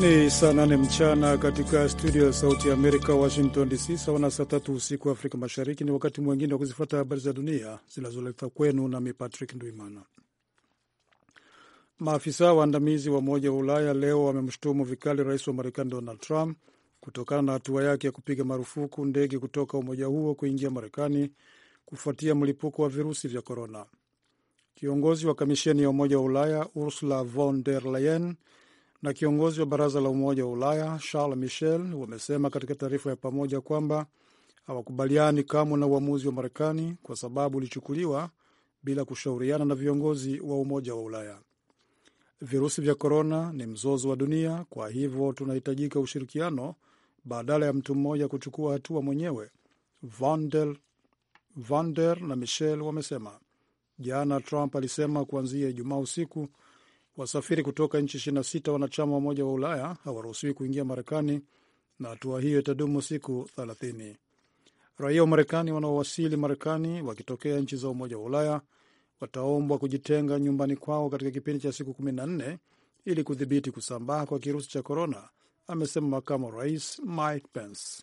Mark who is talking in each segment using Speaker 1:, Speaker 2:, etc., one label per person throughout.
Speaker 1: Ni saa nane mchana katika studio ya Sauti ya Amerika, Washington DC, sawa na saa tatu usiku wa Afrika Mashariki. Ni wakati mwingine wa kuzifuata habari za dunia zinazoletwa kwenu nami Patrick Ndwimana. Maafisa waandamizi wa Umoja wa Ulaya leo wamemshutumu vikali rais wa Marekani Donald Trump kutokana na hatua yake ya kupiga marufuku ndege kutoka umoja huo kuingia Marekani kufuatia mlipuko wa virusi vya korona. Kiongozi wa kamisheni ya Umoja wa Ulaya Ursula von der Leyen na kiongozi wa baraza la Umoja wa Ulaya Charles Michel wamesema katika taarifa ya pamoja kwamba hawakubaliani kamwe na uamuzi wa Marekani kwa sababu ulichukuliwa bila kushauriana na viongozi wa Umoja wa Ulaya. Virusi vya korona ni mzozo wa dunia, kwa hivyo tunahitajika ushirikiano badala ya mtu mmoja kuchukua hatua mwenyewe, Vander, Vander na Michel wamesema jana. Trump alisema kuanzia Ijumaa usiku Wasafiri kutoka nchi 26 wanachama wa Umoja wa Ulaya hawaruhusiwi kuingia Marekani, na hatua hiyo itadumu siku 30. Raia wa Marekani wanaowasili Marekani wakitokea nchi za Umoja wa Ulaya wataombwa kujitenga nyumbani kwao katika kipindi cha siku 14 ili kudhibiti kusambaa kwa kirusi cha korona, amesema makamu wa rais Mike Pence.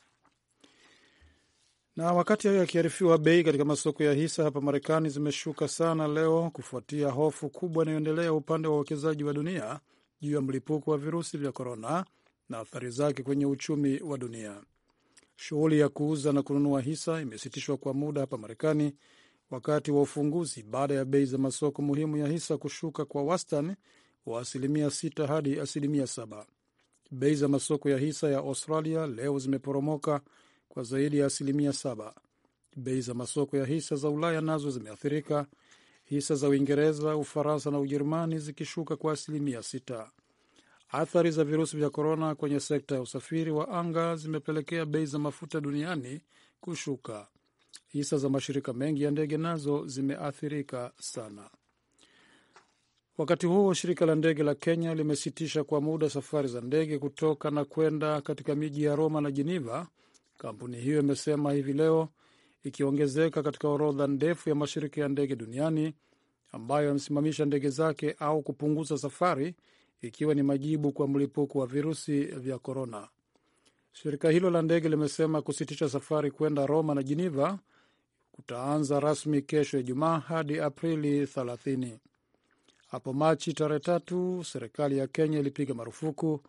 Speaker 1: Na wakati hayo yakiarifiwa, bei katika masoko ya hisa hapa Marekani zimeshuka sana leo kufuatia hofu kubwa inayoendelea upande wa wawekezaji wa dunia juu ya mlipuko wa virusi vya korona na athari zake kwenye uchumi wa dunia. Shughuli ya kuuza na kununua hisa imesitishwa kwa muda hapa Marekani wakati wa ufunguzi baada ya bei za masoko muhimu ya hisa kushuka kwa wastani wa asilimia 6 hadi asilimia 7. Bei za masoko ya hisa ya Australia leo zimeporomoka kwa zaidi ya asilimia saba. Bei za masoko ya hisa za Ulaya nazo zimeathirika, hisa za Uingereza, Ufaransa na Ujerumani zikishuka kwa asilimia sita. Athari za virusi vya korona kwenye sekta ya usafiri wa anga zimepelekea bei za mafuta duniani kushuka. Hisa za mashirika mengi ya ndege nazo zimeathirika sana. Wakati huo shirika la ndege la Kenya limesitisha kwa muda safari za ndege kutoka na kwenda katika miji ya Roma na Jeniva Kampuni hiyo imesema hivi leo, ikiongezeka katika orodha ndefu ya mashirika ya ndege duniani ambayo yamesimamisha ndege zake au kupunguza safari, ikiwa ni majibu kwa mlipuko wa virusi vya korona. Shirika hilo la ndege limesema kusitisha safari kwenda Roma na jiniva kutaanza rasmi kesho Ijumaa hadi Aprili 30. Hapo Machi tarehe tatu, serikali ya Kenya ilipiga marufuku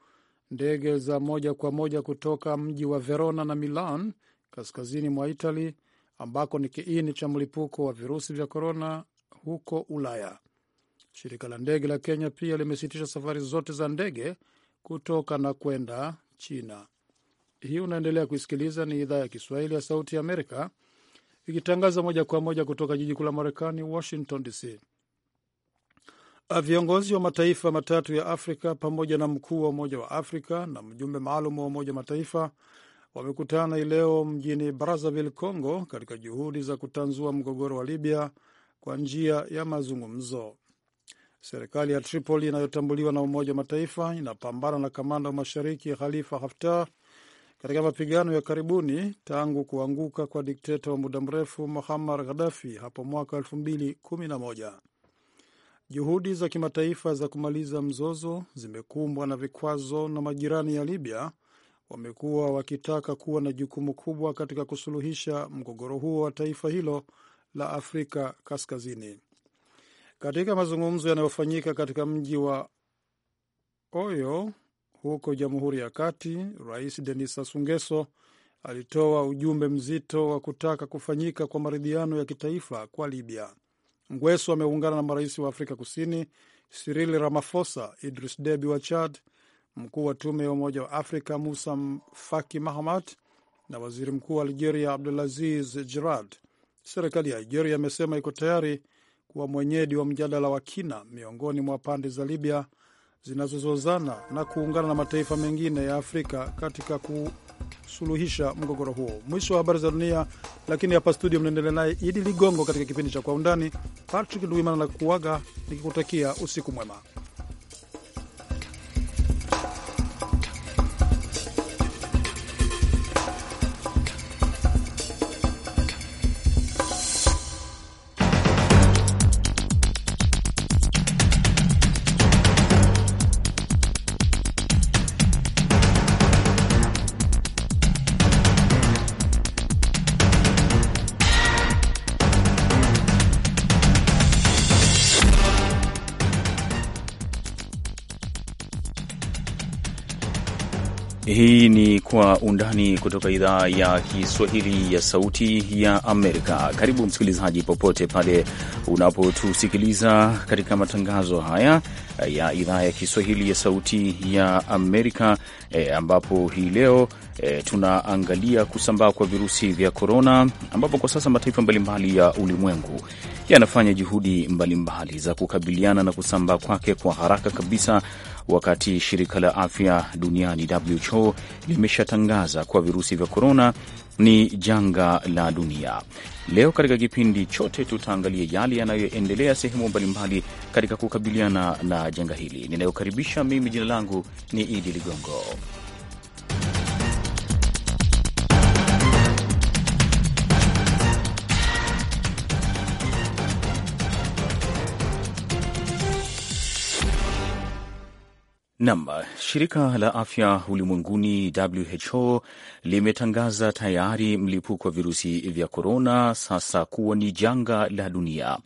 Speaker 1: Ndege za moja kwa moja kutoka mji wa Verona na Milan kaskazini mwa Itali ambako ni kiini cha mlipuko wa virusi vya korona huko Ulaya. Shirika la ndege la Kenya pia limesitisha safari zote za ndege kutoka na kwenda China. Hii unaendelea kuisikiliza, ni idhaa ya Kiswahili ya Sauti ya Amerika ikitangaza moja kwa moja kutoka jiji kuu la Marekani, Washington DC. Viongozi wa mataifa matatu ya Afrika pamoja na mkuu wa Umoja wa Afrika na mjumbe maalum wa Umoja wa Mataifa wamekutana hii leo mjini Brazzaville, Congo, katika juhudi za kutanzua mgogoro wa Libya kwa njia ya mazungumzo. Serikali ya Tripoli inayotambuliwa na Umoja wa Mataifa inapambana na kamanda wa mashariki Khalifa Haftar katika mapigano ya karibuni tangu kuanguka kwa dikteta wa muda mrefu muhammar Gaddafi hapo mwaka 2011. Juhudi za kimataifa za kumaliza mzozo zimekumbwa na vikwazo, na majirani ya Libya wamekuwa wakitaka kuwa na jukumu kubwa katika kusuluhisha mgogoro huo wa taifa hilo la Afrika Kaskazini. Katika mazungumzo yanayofanyika katika mji wa Oyo huko Jamhuri ya Kati, Rais Denis Sassou Nguesso alitoa ujumbe mzito wa kutaka kufanyika kwa maridhiano ya kitaifa kwa Libya. Ngwesu ameungana na marais wa Afrika Kusini Cyril Ramaphosa, Idris Deby wa Chad, mkuu wa tume ya Umoja wa Afrika Musa Faki Mahamat na waziri mkuu wa Algeria Abdulaziz Jirad. Serikali ya Algeria imesema iko tayari kuwa mwenyeji wa mjadala wa kina miongoni mwa pande za Libya zinazozozana na kuungana na mataifa mengine ya Afrika katika ku kusuluhisha mgogoro huo. Mwisho wa habari za dunia, lakini hapa studio mnaendelea naye Idi Ligongo katika kipindi cha Kwa Undani. Patrick Duimana na kuaga nikikutakia usiku mwema.
Speaker 2: kwa undani kutoka idhaa ya Kiswahili ya Sauti ya Amerika. Karibu msikilizaji, popote pale unapotusikiliza katika matangazo haya ya idhaa ya Kiswahili ya Sauti ya Amerika e, ambapo hii leo e, tunaangalia kusambaa kwa virusi vya korona, ambapo kwa sasa mataifa mbalimbali ya ulimwengu yanafanya juhudi mbalimbali za kukabiliana na kusambaa kwake kwa haraka kabisa wakati shirika la afya duniani WHO limeshatangaza kuwa virusi vya korona ni janga la dunia. Leo katika kipindi chote tutaangalia yale yanayoendelea sehemu mbalimbali katika kukabiliana na janga hili. Ninayokaribisha mimi, jina langu ni Idi Ligongo. Nam, shirika la afya ulimwenguni WHO limetangaza tayari mlipuko wa virusi vya korona sasa kuwa ni janga la dunia.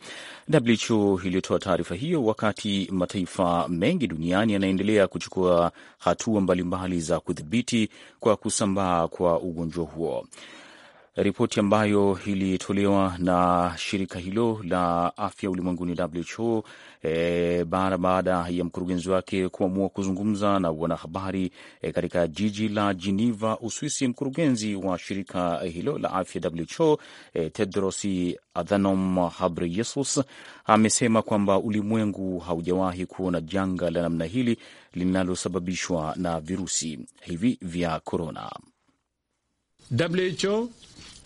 Speaker 2: WHO iliyotoa taarifa hiyo wakati mataifa mengi duniani yanaendelea kuchukua hatua mbalimbali za kudhibiti kwa kusambaa kwa ugonjwa huo ripoti ambayo ilitolewa na shirika hilo la afya ulimwenguni WHO e, bara baada ya mkurugenzi wake kuamua kuzungumza na wanahabari e, katika jiji la Geneva, Uswisi. Mkurugenzi wa shirika hilo la afya WHO e, Tedros Adhanom Ghebreyesus amesema kwamba ulimwengu haujawahi kuona janga la namna hili linalosababishwa na virusi hivi vya korona. WHO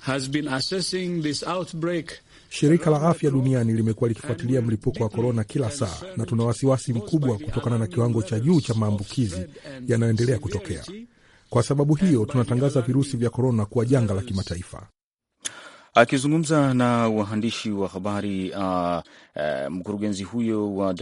Speaker 2: has been assessing this outbreak.
Speaker 3: Shirika la Afya Duniani limekuwa likifuatilia mlipuko wa korona kila saa, na tuna wasiwasi mkubwa kutokana na kiwango cha juu cha maambukizi yanayoendelea kutokea. Kwa sababu hiyo, tunatangaza virusi vya korona kuwa janga la kimataifa.
Speaker 2: Akizungumza na waandishi wa habari uh, Eh, mkurugenzi huyo wa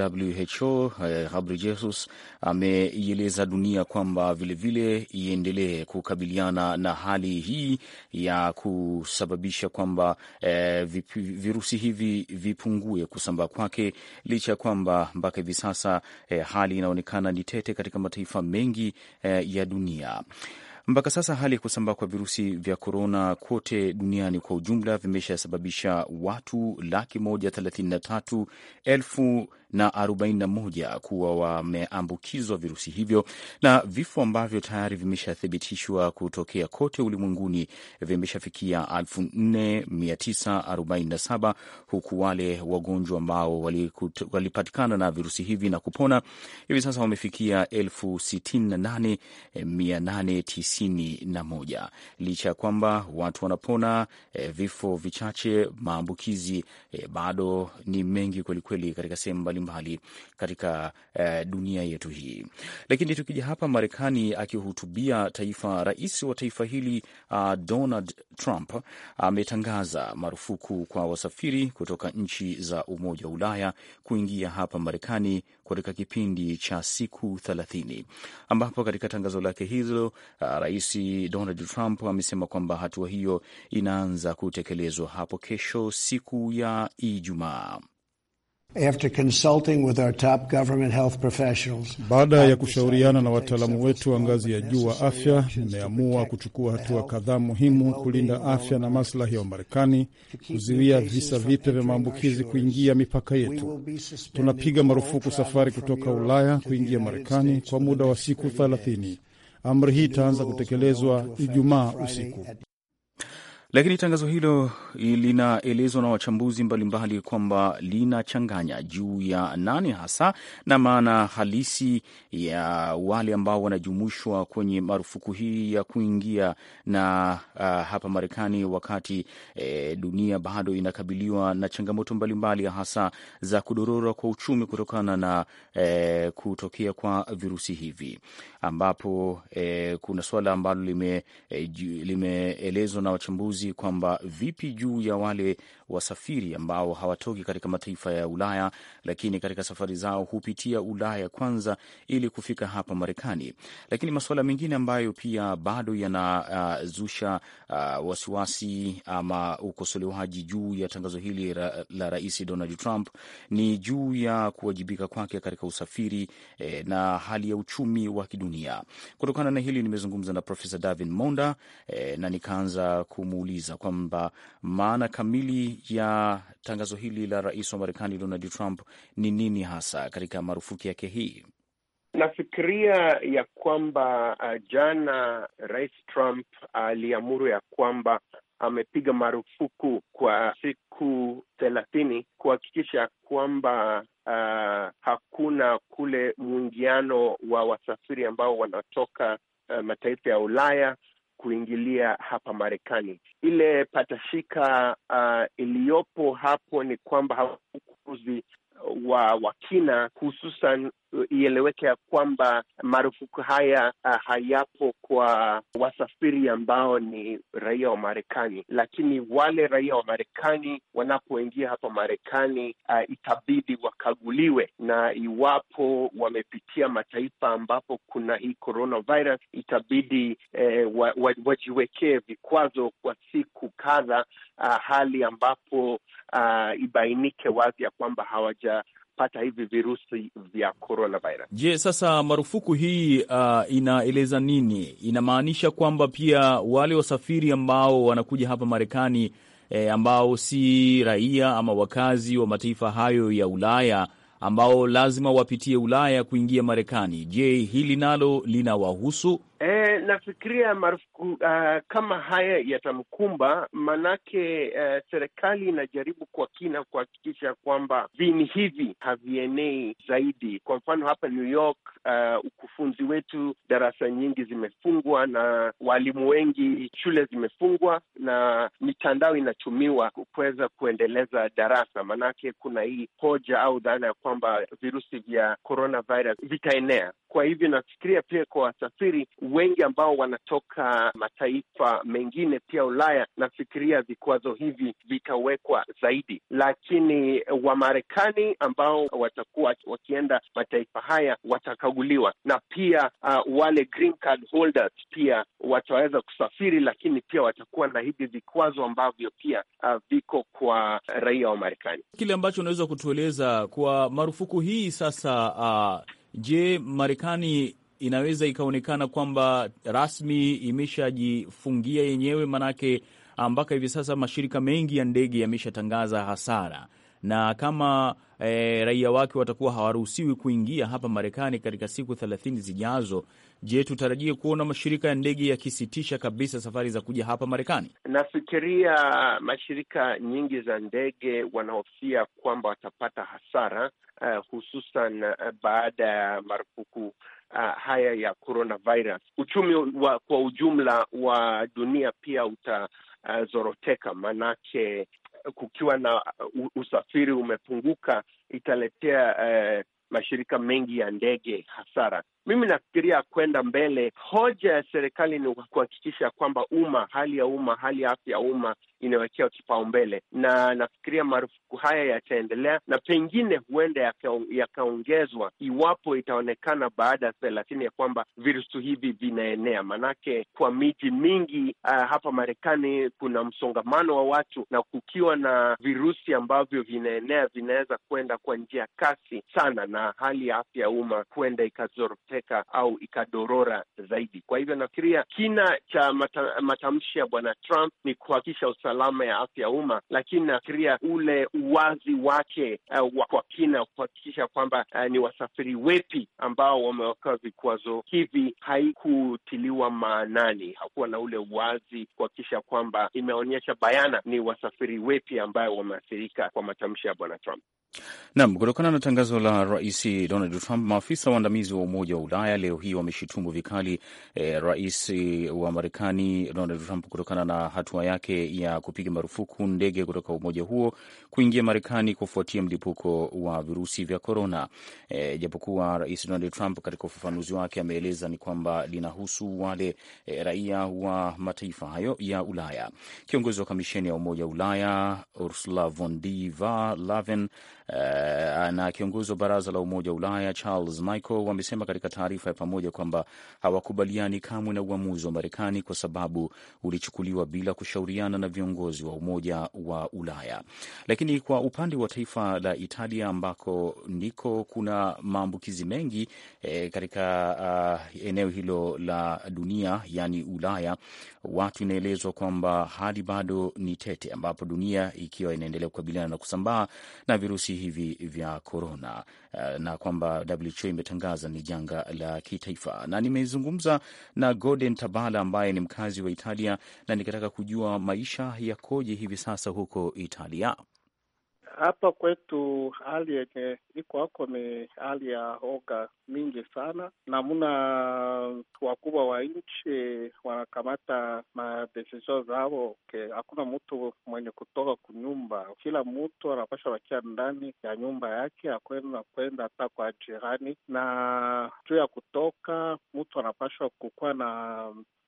Speaker 2: WHO habri eh, Jesus ameieleza dunia kwamba vilevile iendelee kukabiliana na hali hii ya kusababisha kwamba eh, virusi hivi vipungue kusambaa kwake, licha ya kwamba mpaka hivi sasa hali inaonekana ni tete katika mataifa mengi ya dunia. Mpaka sasa hali ya kusambaa kwa virusi vya korona kote duniani kwa ujumla vimeshasababisha watu laki moja thelathini na tatu elfu na 41 kuwa wameambukizwa virusi hivyo, na vifo ambavyo tayari vimeshathibitishwa kutokea kote ulimwenguni vimeshafikia 4947 huku wale wagonjwa ambao walipatikana na virusi hivi na kupona hivi sasa wamefikia 68891 eh, licha ya kwamba watu wanapona, e, vifo vichache, maambukizi e, bado ni mengi kwelikweli katika sehemu mbalimbali mbalimbali katika eh, dunia yetu hii. Lakini tukija hapa Marekani, akihutubia taifa, rais wa taifa hili uh, Donald Trump ametangaza uh, marufuku kwa wasafiri kutoka nchi za Umoja wa Ulaya kuingia hapa Marekani katika kipindi cha siku thelathini, ambapo katika tangazo lake hilo uh, rais Donald Trump amesema kwamba hatua hiyo inaanza kutekelezwa hapo kesho siku ya Ijumaa.
Speaker 1: After consulting with our top government health professionals, baada ya kushauriana na wataalamu wetu wa ngazi ya juu wa afya, nimeamua kuchukua hatua kadhaa muhimu kulinda afya na maslahi ya Wamarekani, kuzuia visa vipya vya maambukizi kuingia mipaka yetu. Tunapiga marufuku safari kutoka Ulaya kuingia Marekani kwa muda wa siku thelathini. Amri hii itaanza kutekelezwa Ijumaa usiku.
Speaker 2: Lakini tangazo hilo linaelezwa na wachambuzi mbalimbali kwamba linachanganya juu ya nani hasa na maana halisi ya wale ambao wanajumuishwa kwenye marufuku hii ya kuingia na uh, hapa Marekani wakati eh, dunia bado inakabiliwa na changamoto mbalimbali hasa za kudorora kwa uchumi kutokana na eh, kutokea kwa virusi hivi, ambapo eh, kuna suala ambalo eh, limeelezwa eh, lime na wachambuzi wazi kwamba vipi juu ya wale wasafiri ambao hawatoki katika mataifa ya Ulaya, lakini katika safari zao hupitia Ulaya kwanza ili kufika hapa Marekani. Lakini masuala mengine ambayo pia bado yanazusha uh, uh, wasiwasi ama ukosolewaji juu ya tangazo hili ra, la Rais Donald Trump ni juu ya kuwajibika kwake katika usafiri eh, na hali ya uchumi wa kidunia. Kutokana na hili nimezungumza na Profesa David Monda eh, na nikaanza kumuuliza kwamba maana kamili ya tangazo hili la rais wa Marekani Donald Trump ni nini hasa katika marufuku yake hii?
Speaker 3: Nafikiria ya kwamba uh, jana Rais Trump aliamuru uh, ya kwamba amepiga marufuku kwa siku thelathini kuhakikisha kwamba uh, hakuna kule mwingiano wa wasafiri ambao wanatoka uh, mataifa ya Ulaya kuingilia hapa Marekani. Ile patashika uh, iliyopo hapo ni kwamba haukuruzi uh, wa, wa kina hususan ieleweke ya kwamba marufuku haya uh, hayapo kwa wasafiri ambao ni raia wa Marekani, lakini wale raia wa Marekani wanapoingia hapa Marekani uh, itabidi wakaguliwe, na iwapo wamepitia mataifa ambapo kuna hii coronavirus, itabidi eh, wa, wa, wajiwekee vikwazo kwa siku kadha, uh, ah, hali ambapo uh, ibainike wazi ya kwamba hawaja kupata hivi virusi vya coronavirus.
Speaker 2: Je, sasa marufuku hii uh, inaeleza nini? Inamaanisha kwamba pia wale wasafiri ambao wanakuja hapa Marekani e, ambao si raia ama wakazi wa mataifa hayo ya Ulaya ambao lazima wapitie Ulaya kuingia Marekani. Je, hili nalo linawahusu?
Speaker 3: E, nafikiria marufuku uh, kama haya yatamkumba, manake uh, serikali inajaribu kwa kina kuhakikisha kwamba
Speaker 2: vini hivi
Speaker 3: havienei zaidi. Kwa mfano hapa New York uh, ukufunzi wetu, darasa nyingi zimefungwa na walimu wengi, shule zimefungwa na mitandao inatumiwa kuweza kuendeleza darasa, manake kuna hii hoja au dhana ya kwamba virusi vya coronavirus vitaenea. Kwa hivyo nafikiria pia kwa wasafiri wengi ambao wanatoka mataifa mengine pia Ulaya, nafikiria vikwazo hivi vitawekwa zaidi, lakini Wamarekani ambao watakuwa wakienda mataifa haya watakaguliwa, na pia uh, wale green card holders pia wataweza kusafiri, lakini pia watakuwa na hivi vikwazo ambavyo pia uh, viko kwa raia wa Marekani.
Speaker 2: Kile ambacho unaweza kutueleza kwa marufuku hii sasa, uh, je, Marekani inaweza ikaonekana kwamba rasmi imeshajifungia yenyewe, manake ah, mpaka hivi sasa mashirika mengi ya ndege yameshatangaza hasara na kama e, raia wake watakuwa hawaruhusiwi kuingia hapa Marekani katika siku thelathini zijazo, Je, tutarajie kuona mashirika ya ndege yakisitisha kabisa safari za kuja hapa Marekani?
Speaker 3: Nafikiria mashirika nyingi za ndege wanahofia kwamba watapata hasara, uh, hususan uh, baada ya marufuku Uh, haya ya coronavirus. Uchumi wa, kwa ujumla wa dunia pia utazoroteka, uh, manake kukiwa na usafiri umepunguka italetea uh, mashirika mengi ya ndege hasara. Mimi nafikiria kwenda mbele, hoja ya serikali ni kuhakikisha kwamba umma, hali ya umma, hali ya afya ya umma inawekewa kipaumbele, na nafikiria marufuku haya yataendelea na pengine huenda yakaongezwa iwapo itaonekana baada ya thelathini ya kwamba virusi hivi vinaenea. maanake kwa miji mingi uh, hapa Marekani kuna msongamano wa watu, na kukiwa na virusi ambavyo vinaenea vinaweza kwenda kwa njia kasi sana, na hali ya afya ya umma huenda ikazoroteka ikaongezeka au ikadorora zaidi. Kwa hivyo nafikiria kina cha mata, matamshi ya bwana Trump ni kuhakikisha usalama ya afya ya umma, lakini nafikiria ule uwazi wake uh, wa kwa kina kuhakikisha kwamba uh, ni wasafiri wepi ambao wamewekewa vikwazo hivi haikutiliwa maanani. Hakuwa na ule uwazi kuhakikisha kwamba imeonyesha bayana ni wasafiri wepi ambayo wameathirika kwa matamshi ya bwana Trump.
Speaker 2: Naam, kutokana na tangazo la Rais Donald Trump, maafisa waandamizi wa Umoja wa Ulaya leo hii wameshitumu vikali eh, rais wa Marekani Donald Trump kutokana na hatua yake ya kupiga marufuku ndege kutoka umoja huo kuingia Marekani kufuatia mlipuko wa virusi vya korona. Eh, japokuwa rais Donald Trump katika ufafanuzi wake ameeleza ni kwamba linahusu wale eh, raia wa mataifa hayo ya Ulaya. Kiongozi wa kamisheni ya umoja wa Ulaya Ursula von der Leyen Eh, na kiongozi wa baraza la Umoja wa Ulaya Charles Michel wamesema katika taarifa ya pamoja kwamba hawakubaliani kamwe na uamuzi wa Marekani kwa sababu ulichukuliwa bila kushauriana na viongozi wa Umoja wa Ulaya. Lakini kwa upande wa taifa la Italia ambako ndiko kuna maambukizi mengi eh, katika uh, eneo hilo la dunia yani Ulaya, watu inaelezwa kwamba hali bado ni tete, ambapo dunia ikiwa inaendelea kukabiliana na kusambaa na virusi virusi hivi vya korona eh, na kwamba WHO imetangaza ni janga la kitaifa. Na nimezungumza na Gorden Tabala ambaye ni mkazi wa Italia na nikataka kujua maisha yakoje hivi sasa huko Italia.
Speaker 4: Hapa kwetu hali yenye iko hako ni hali ya oga mingi sana, namuna wakubwa wa nchi wanakamata madesizio zao. Hakuna mtu mwenye kutoka kunyumba, kila mtu anapasha wakia ndani ya nyumba yake, akwenda kwenda hata kwa jirani, na juu ya kutoka mtu anapashwa kukuwa na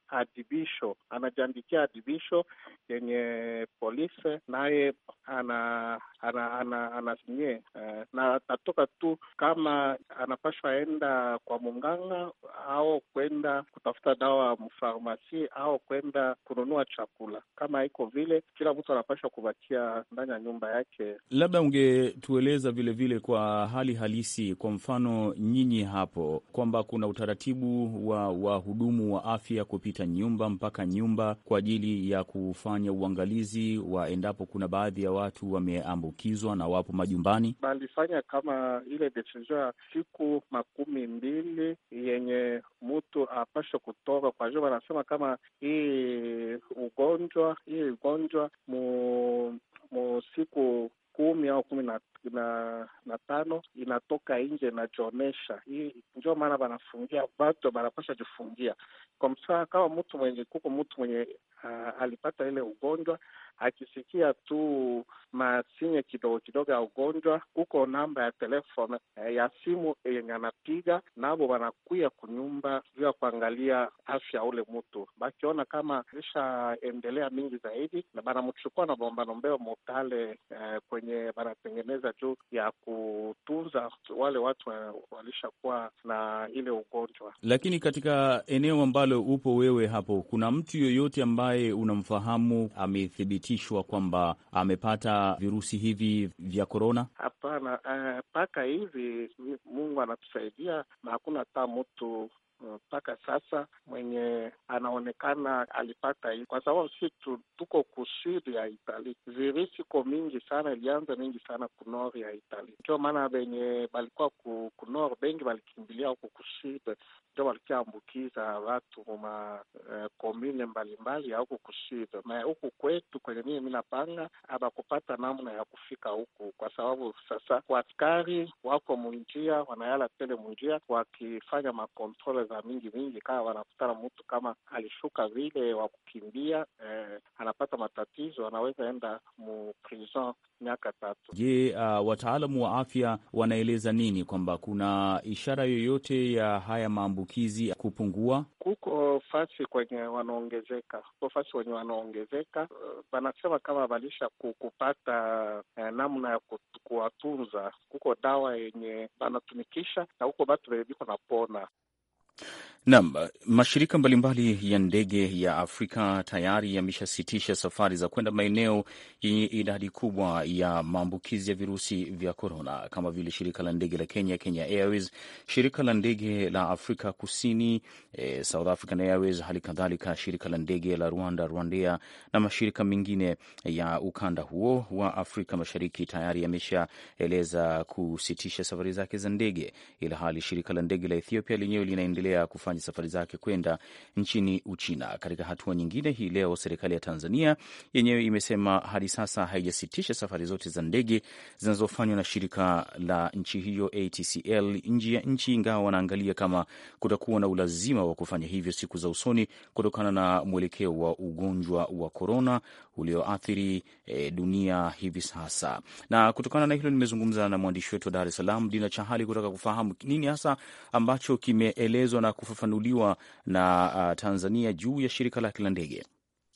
Speaker 4: adibisho, anajiandikia adibisho yenye polisi naye ana ana ana anasinye ana, eh, na natoka tu kama anapashwa enda kwa munganga au kwenda kutafuta dawa mfarmasi au kwenda kununua chakula. Kama iko vile, kila mtu anapashwa kubakia ndani ya nyumba yake.
Speaker 2: Labda ungetueleza vilevile kwa hali halisi, kwa mfano nyinyi hapo, kwamba kuna utaratibu wa wahudumu wa afya kupita kupita nyumba mpaka nyumba kwa ajili ya kufanya uangalizi wa endapo kuna baadhi ya watu wameambukizwa na wapo majumbani.
Speaker 4: Balifanya kama ile decision siku makumi mbili yenye mtu apashe kutoka kwa jua, wanasema kama hii ugonjwa hii ugonjwa mu, mu siku kumi au kumi na, na, na tano inatoka nje inajionyesha. Hii ndio maana banafungia bato, banapasha jifungia kwa msaa, kama mtu mwenye kuko mtu mwenye uh, alipata ile ugonjwa akisikia tu masinye kidogo kidogo ya ugonjwa, kuko namba ya telefone eh, ya simu eh, yenye anapiga, navo wanakuya kunyumba juu ya kuangalia afya ule mtu, bakiona kama ishaendelea mingi zaidi, na banamchukua na bombanombeo mutale eh, kwenye banatengeneza juu ya kutunza wale watu walishakuwa na ile ugonjwa.
Speaker 2: Lakini katika eneo ambalo upo wewe hapo, kuna mtu yoyote ambaye unamfahamu amethibiti kuthibitishwa kwamba amepata virusi hivi vya korona?
Speaker 4: Hapana, eh, mpaka uh, hivi Mungu anatusaidia na hakuna hata mtu Eh, mpaka sasa mwenye anaonekana alipata hii, kwa sababu si tuko kusudi ya Itali, virusi iko mingi sana, ilianza mingi sana kunor ya Itali. Ndio maana venye balikuwa ku, kunor bengi balikimbilia huko kusud, ndio walikiambukiza watu komune eh, uh, mbalimbali ya huku kusud. Na huku kwetu kwenye mie minapanga abakupata namna ya kufika huku, kwa sababu sasa waskari wako munjia, wanayala tele munjia wakifanya makontrole za mingi mingi, kama wanakutana mtu kama alishuka vile wa kukimbia eh, anapata matatizo, anaweza enda mu prison miaka tatu.
Speaker 2: Je, uh, wataalamu wa afya wanaeleza nini kwamba kuna ishara yoyote ya haya maambukizi kupungua?
Speaker 4: Kuko fasi kwenye wanaongezeka, kuko fasi wenye wanaongezeka, eh, wanasema kama walisha kupata uh, namna ya kuwatunza. Kuko dawa yenye wanatumikisha na huko batu venye biko napona
Speaker 2: Naam, mashirika mbalimbali ya ndege ya Afrika tayari yameshasitisha safari za kwenda maeneo yenye idadi kubwa ya maambukizi ya virusi vya korona kama vile shirika la ndege la Kenya, Kenya Airways, shirika la ndege la Afrika Kusini, eh, South African Airways, hali kadhalika shirika la ndege la Rwanda, Rwandea, na mashirika mengine ya ukanda huo wa Afrika Mashariki tayari yameshaeleza kusitisha safari zake za ndege, ila hali shirika la ndege la Ethiopia lenyewe linaendelea kufanya kufanya safari zake kwenda nchini Uchina. Katika hatua nyingine, hii leo serikali ya Tanzania yenyewe imesema hadi sasa haijasitisha safari zote za ndege zinazofanywa na shirika la nchi hiyo ATCL nje ya nchi, ingawa wanaangalia kama kutakuwa na ulazima wa kufanya hivyo siku za usoni kutokana na mwelekeo wa ugonjwa wa korona ulioathiri e, dunia hivi sasa. Na kutokana na hilo nimezungumza na mwandishi wetu wa Dar es Salaam, Dina Chahali, kutaka kufahamu nini hasa ambacho kimeelezwa na kufu kufafanuliwa na uh, Tanzania juu ya shirika lake la ndege?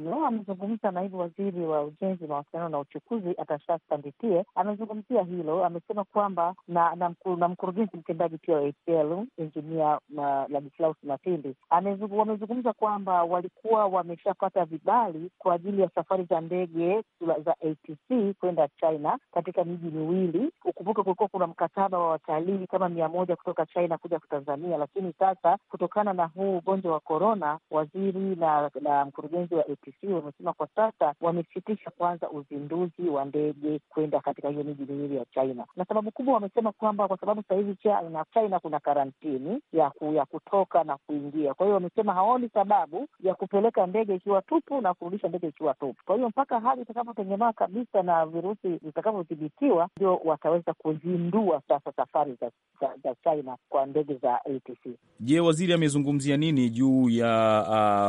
Speaker 5: Leo amezungumza naibu waziri wa ujenzi, mawasiliano na uchukuzi, Atashasta Nditie. Amezungumzia hilo, amesema kwamba na na, na mkurugenzi mtendaji pia wa ATL injinia Ladislaus Matindi wamezungumza kwamba walikuwa wameshapata vibali kwa ajili ya safari za ndege za ATC kwenda China katika miji miwili. Ukumbuke kulikuwa kuna mkataba wa watalii kama mia moja kutoka China kuja Tanzania, lakini sasa kutokana na huu ugonjwa wa korona, waziri na, na mkurugenzi wa ATC TCU wamesema kwa sasa wamesitisha kwanza uzinduzi wa ndege kwenda katika hiyo miji miwili ya China, na sababu kubwa wamesema kwamba kwa sababu sasa hivi China, China kuna karantini ya, ku, ya kutoka na kuingia. Kwa hiyo wamesema haoni sababu ya kupeleka ndege ikiwa tupu na kurudisha ndege ikiwa tupu. Kwa hiyo mpaka hali itakapotengemaa kabisa na virusi vitakavyodhibitiwa, ndio wataweza kuzindua sasa safari za, za, za China kwa ndege za ATC.
Speaker 2: Je, waziri amezungumzia nini juu ya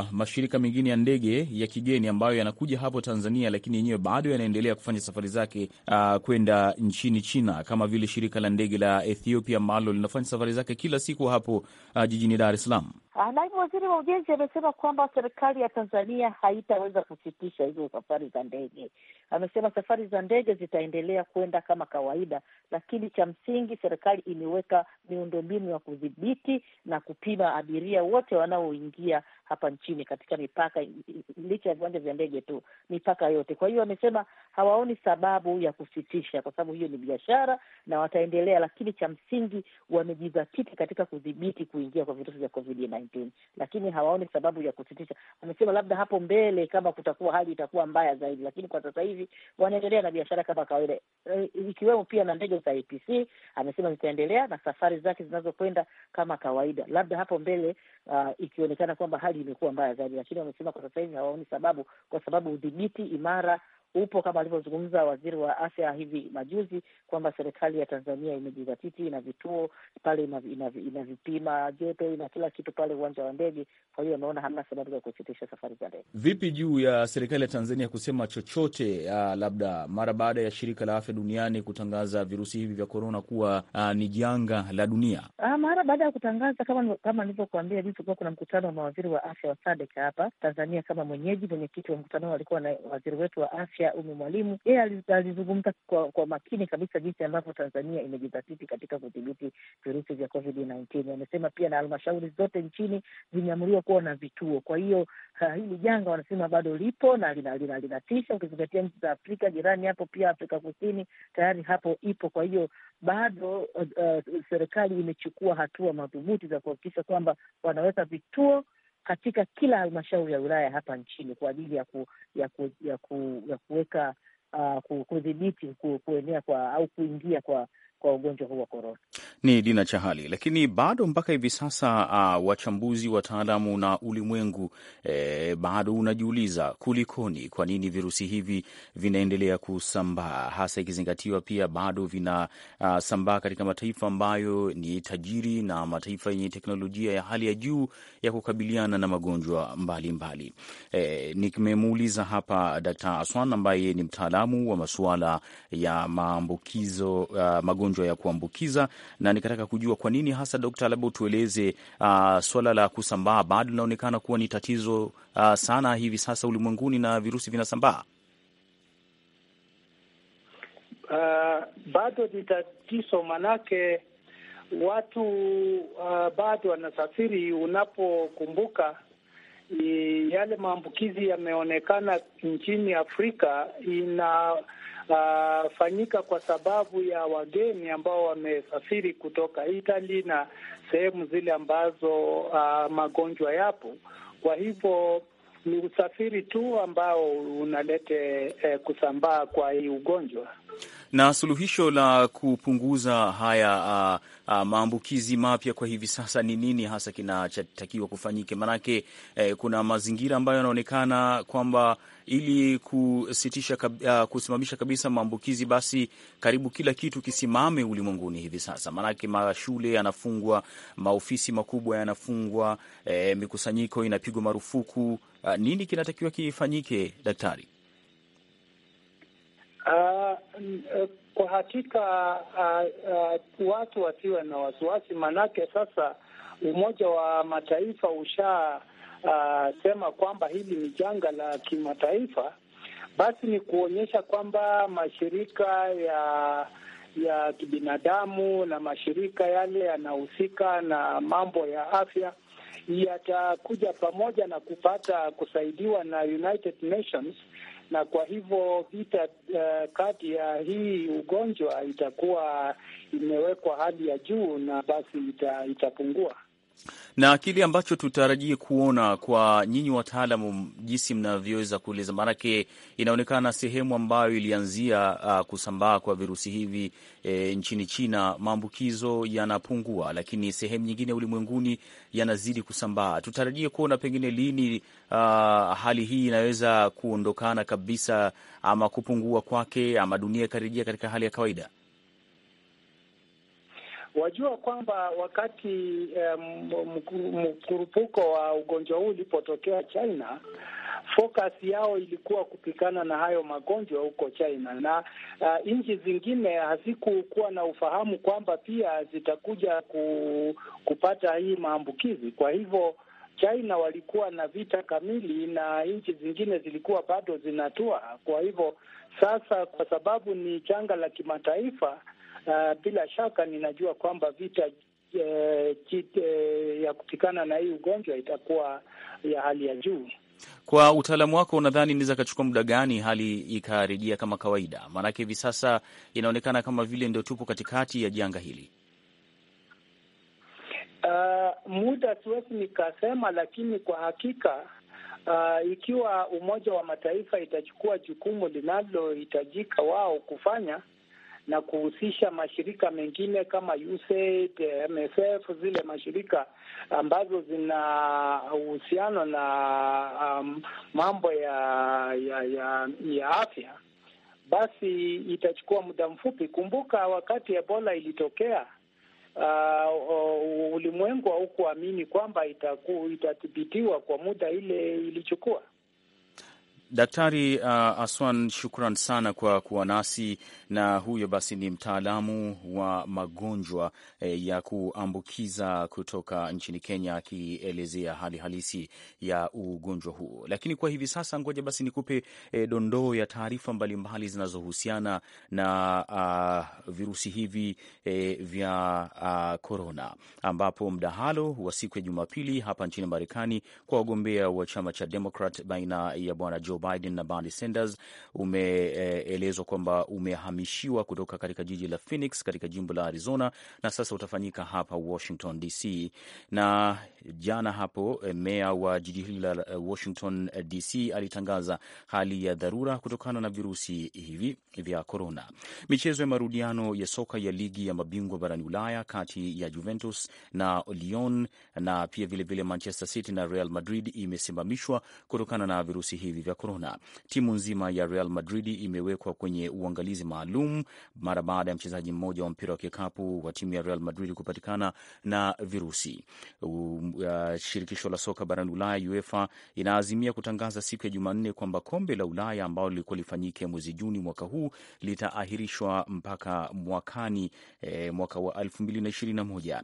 Speaker 2: uh, mashirika mengine ya ndege ya kigeni ambayo yanakuja hapo Tanzania, lakini yenyewe bado yanaendelea kufanya safari zake uh, kwenda nchini China, kama vile shirika la ndege la Ethiopia ambalo linafanya safari zake kila siku hapo uh, jijini Dar es Salaam.
Speaker 5: Ah, naibu waziri wa ujenzi amesema kwamba serikali ya Tanzania haitaweza kusitisha hizo safari za ndege. Amesema safari za ndege zitaendelea kwenda kama kawaida, lakini cha msingi serikali imeweka miundombinu ya kudhibiti na kupima abiria wote wanaoingia hapa nchini katika mipaka, licha ya viwanja vya ndege tu, mipaka yote. Kwa hiyo amesema hawaoni sababu ya kusitisha, kwa sababu hiyo ni biashara na wataendelea, lakini cha msingi wamejidhatiti katika kudhibiti kuingia kwa virusi vya COVID-19 lakini hawaoni sababu ya kusitisha. Wamesema labda hapo mbele kama kutakuwa hali itakuwa mbaya zaidi, lakini kwa sasa hivi wanaendelea na biashara kama kawaida, eh, ikiwemo pia na ndege za APC. Amesema zitaendelea na safari zake zinazokwenda kama kawaida, labda hapo mbele uh, ikionekana kwamba hali imekuwa mbaya zaidi, lakini wamesema kwa sasa hivi hawaoni sababu, kwa sababu udhibiti imara upo kama alivyozungumza waziri wa afya hivi majuzi kwamba serikali ya Tanzania imejizatiti, ina vituo pale, inavipima joto, ina kila kitu pale uwanja wa ndege. Kwa hiyo ameona hamna sababu za kusitisha safari za ndege.
Speaker 2: Vipi juu ya serikali ya Tanzania kusema chochote uh, labda mara baada ya shirika la afya duniani kutangaza virusi hivi vya korona kuwa uh, ni janga la dunia?
Speaker 5: Ah, mara baada ya kutangaza kama kama nilivyokuambia kulikuwa kuna mkutano wa mawaziri wa afya wa SADC hapa Tanzania kama mwenyeji. Mwenyekiti wa mkutano alikuwa na waziri wetu wa afya ya Umi Mwalimu, yeye alizungumza kwa, kwa makini kabisa jinsi ambavyo Tanzania imejizatiti katika kudhibiti virusi vya COVID 19. Amesema pia na halmashauri zote nchini zimeamriwa kuwa na vituo. Kwa hiyo hili janga wanasema bado lipo na linatisha, lina, lina ukizingatia nchi za Afrika jirani hapo pia Afrika Kusini tayari hapo ipo. Kwa hiyo bado uh, uh, serikali imechukua hatua madhubuti za kuhakikisha kwamba wanaweka vituo katika kila halmashauri ya wilaya hapa nchini kwa ajili ya, ku, ya, ku, ya, ku, ya kuweka uh, kudhibiti ku, kuenea kwa au kuingia kwa kwa ugonjwa huu wa korona
Speaker 2: ni Dina Chahali. Lakini bado mpaka hivi sasa uh, wachambuzi, wataalamu na ulimwengu eh, bado unajiuliza kulikoni, kwa nini virusi hivi vinaendelea kusambaa, hasa ikizingatiwa pia bado vinasambaa ah, uh, katika mataifa ambayo ni tajiri na mataifa yenye teknolojia ya hali ya juu ya kukabiliana na magonjwa mbalimbali. Eh, nimemuuliza hapa d Aswan ambaye ni mtaalamu wa masuala ya maambukizo, uh, magonjwa ya kuambukiza na nikataka kujua kwa nini hasa, Dokta, labda utueleze uh, swala la kusambaa bado linaonekana kuwa ni tatizo uh, sana hivi sasa ulimwenguni na virusi vinasambaa
Speaker 6: uh, bado ni tatizo manake watu uh, bado wanasafiri. Unapokumbuka yale maambukizi yameonekana nchini Afrika, ina uh, fanyika kwa sababu ya wageni ambao wamesafiri kutoka Italy na sehemu zile ambazo uh, magonjwa yapo. Kwa hivyo ni usafiri tu ambao unalete eh, kusambaa kwa hii ugonjwa
Speaker 2: na suluhisho la kupunguza haya uh, uh, maambukizi mapya kwa hivi sasa ni nini hasa kinachotakiwa kufanyike? Maanake eh, kuna mazingira ambayo yanaonekana kwamba ili kusitisha kab, uh, kusimamisha kabisa maambukizi, basi karibu kila kitu kisimame ulimwenguni hivi sasa. Maanake mashule yanafungwa, maofisi makubwa yanafungwa, eh, mikusanyiko inapigwa marufuku. Uh, nini kinatakiwa kifanyike, daktari?
Speaker 6: Ah, eh, kwa hakika uh, uh, watu wasiwe na wasiwasi, maanake sasa Umoja wa Mataifa ushasema uh, kwamba hili ni janga la kimataifa. Basi ni kuonyesha kwamba mashirika ya ya kibinadamu na mashirika yale yanahusika na mambo ya afya yatakuja pamoja na kupata kusaidiwa na United Nations na kwa hivyo vita uh, kati ya hii ugonjwa itakuwa imewekwa hali ya juu, na basi ita, itapungua
Speaker 2: na kile ambacho tutarajie kuona kwa nyinyi wataalamu, jinsi mnavyoweza kueleza, maanake inaonekana sehemu ambayo ilianzia uh, kusambaa kwa virusi hivi e, nchini China maambukizo yanapungua, lakini sehemu nyingine ulimwenguni yanazidi kusambaa. Tutarajie kuona pengine lini uh, hali hii inaweza kuondokana kabisa ama kupungua kwake ama dunia ikarejea katika hali ya kawaida?
Speaker 6: Wajua kwamba wakati mkurupuko wa ugonjwa huu ulipotokea China, focus yao ilikuwa kupikana na hayo magonjwa huko China, na uh, nchi zingine hazikukuwa na ufahamu kwamba pia zitakuja ku, kupata hii maambukizi. Kwa hivyo China walikuwa na vita kamili na nchi zingine zilikuwa bado zinatua. Kwa hivyo sasa, kwa sababu ni janga la kimataifa na bila shaka ninajua kwamba vita uh, eh, jit, uh, eh, ya kupikana na hii ugonjwa itakuwa ya hali ya juu.
Speaker 2: Kwa utaalamu wako, unadhani inaweza kachukua muda gani hali ikarejea kama kawaida? Maanake hivi sasa inaonekana kama vile ndio tupo katikati ya janga hili.
Speaker 6: Uh, muda siwezi nikasema, lakini kwa hakika uh, ikiwa Umoja wa Mataifa itachukua jukumu linalohitajika wao kufanya na kuhusisha mashirika mengine kama USAID, MSF, zile mashirika ambazo zina uhusiano na um, mambo ya ya ya, ya afya basi itachukua muda mfupi. Kumbuka wakati Ebola ilitokea, uh, ulimwengu haukuamini kwamba itaku, kwa muda ile ilichukua.
Speaker 2: Daktari uh, Aswan, shukran sana kwa kuwa nasi, na huyo basi ni mtaalamu wa magonjwa eh, ya kuambukiza kutoka nchini Kenya akielezea hali halisi ya ugonjwa huo. Lakini kwa hivi sasa, ngoja basi nikupe eh, dondoo ya taarifa mbalimbali zinazohusiana na uh, virusi hivi eh, vya korona uh, ambapo mdahalo wa siku ya Jumapili hapa nchini Marekani kwa wagombea wa chama cha Democrat baina ya bwana Joe Biden na Bernie Sanders umeelezwa kwamba umehamishiwa kutoka katika jiji la Phoenix katika jimbo la Arizona na sasa utafanyika hapa Washington DC. Na jana hapo eh, meya wa jiji hili la eh, Washington eh, DC alitangaza hali ya dharura kutokana na virusi hivi vya korona. Michezo ya marudiano ya soka ya ligi ya mabingwa barani Ulaya kati ya Juventus na Lyon na pia vilevile vile Manchester City na Real Madrid imesimamishwa kutokana na virusi hivi vya korona corona. Timu nzima ya Real Madrid imewekwa kwenye uangalizi maalum mara baada ya mchezaji mmoja wa mpira wa kikapu wa timu ya Real Madrid kupatikana na virusi. Uh, shirikisho la soka barani Ulaya UEFA inaazimia kutangaza siku ya Jumanne kwamba kombe la Ulaya ambalo lilikuwa lifanyike mwezi Juni mwaka huu litaahirishwa mpaka mwakani, eh, mwaka wa 2021.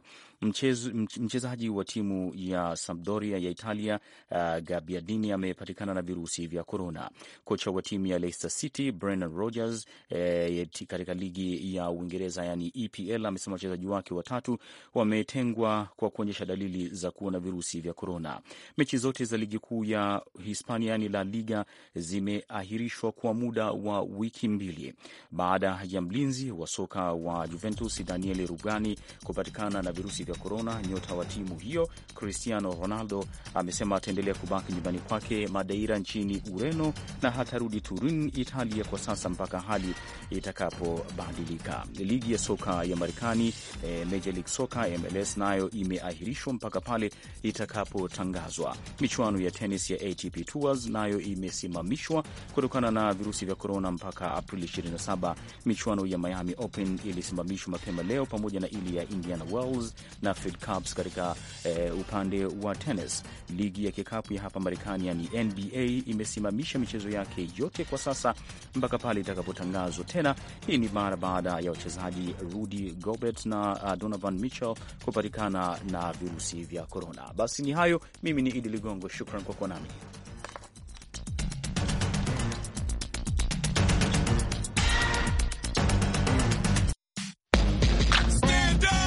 Speaker 2: Mchezaji wa timu ya Sampdoria ya Italia uh, Gabiadini amepatikana na virusi vya korona. Kocha wa timu ya Leicester City Brendan Rodgers e, katika ligi ya Uingereza yani EPL amesema wachezaji wake watatu wametengwa kwa kuonyesha dalili za kuwa na virusi vya korona. Mechi zote za ligi kuu ya Hispania yani La Liga zimeahirishwa kwa muda wa wiki mbili baada ya mlinzi wa soka wa Juventus Daniele Rugani kupatikana na virusi vya korona. Nyota wa timu hiyo Cristiano Ronaldo amesema ataendelea kubaki nyumbani kwake Madeira nchini Ureno na hatarudi Turin, Italia kwa sasa mpaka hali itakapobadilika. Ligi ya soka ya Marekani e, Major League Soccer MLS nayo imeahirishwa mpaka pale itakapotangazwa. Michuano ya tenis ya ATP Tours nayo imesimamishwa kutokana na virusi vya korona mpaka Aprili 27. Michuano ya Miami Open ilisimamishwa mapema leo pamoja na ile ya Indiana Wells na Fed Cups katika e, upande wa tenis. Ligi ya kikapu ya hapa Marekani yani NBA imesimamishwa kusimamisha michezo yake yote kwa sasa mpaka pale itakapotangazwa tena. Hii ni mara baada ya wachezaji Rudy Gobert na uh, Donovan Mitchell kupatikana na virusi vya korona. Basi ni hayo, mimi ni Idi Ligongo, shukran kwa kuwa nami.